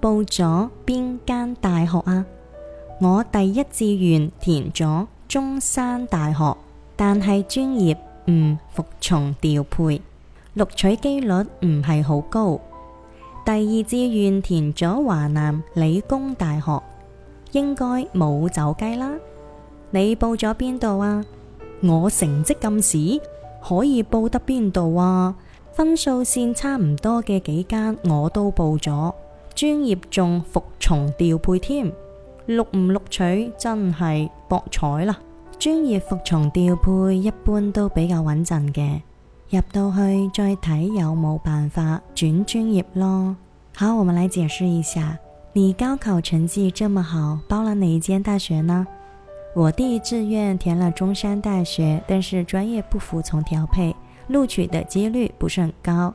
報咗邊間大學啊？我第一志願填咗中山大學，但係專業唔服從調配，錄取幾率唔係好高。第二志願填咗華南理工大學，應該冇走雞啦。你報咗邊度啊？我成績咁屎，可以報得邊度啊？分數線差唔多嘅幾間我都報咗。專業仲服從調配添，錄唔錄取真係搏彩啦。專業服從調配一般都比較穩陣嘅，入到去再睇有冇辦法轉專業咯。好，我哋嚟解釋一下，你高考成績這麼好，報了哪一間大學呢？我第一志願填了中山大學，但是專業不服從調配，錄取的幾率不是很高。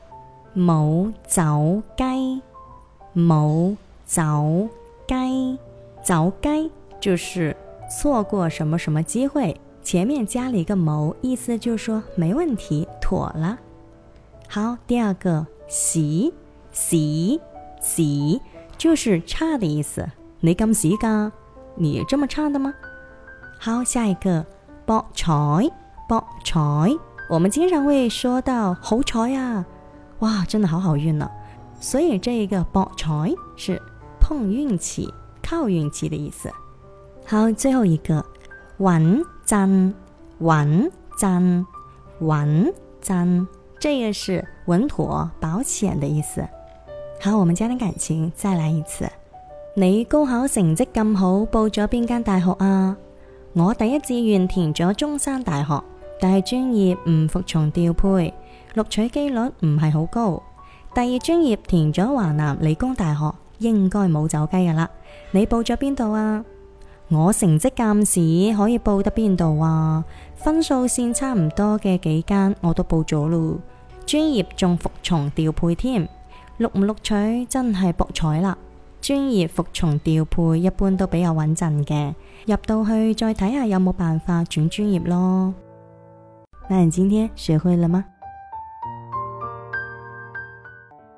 冇走雞，冇走雞，走雞就是錯過什麼什麼機會。前面加了一個冇，意思就是說沒問題，妥了。好，第二個，屎屎屎，就是差的意思。你咁屎噶？你這麼差的嗎？好，下一個，搏彩搏彩，我們經常會說到好彩啊。哇，真的好好運呢，哦！所以這個博彩是碰運氣、靠運氣的意思。好，最後一個穩陣、穩陣、穩陣，這個是穩妥保險的意思。好，我們加點感情，再來一次。你高考成績咁好，報咗邊間大學啊？我第一志願填咗中山大學，但係專業唔服從調配。錄取幾率唔係好高，第二專業填咗華南理工大學，應該冇走雞噶啦。你報咗邊度啊？我成績咁屎可以報得邊度啊？分數線差唔多嘅幾間我都報咗啦，專業仲服從調配添，錄唔錄取真係搏彩啦。專業服從調配一般都比較穩陣嘅，入到去再睇下有冇辦法轉專業咯。那你今天學會了嗎？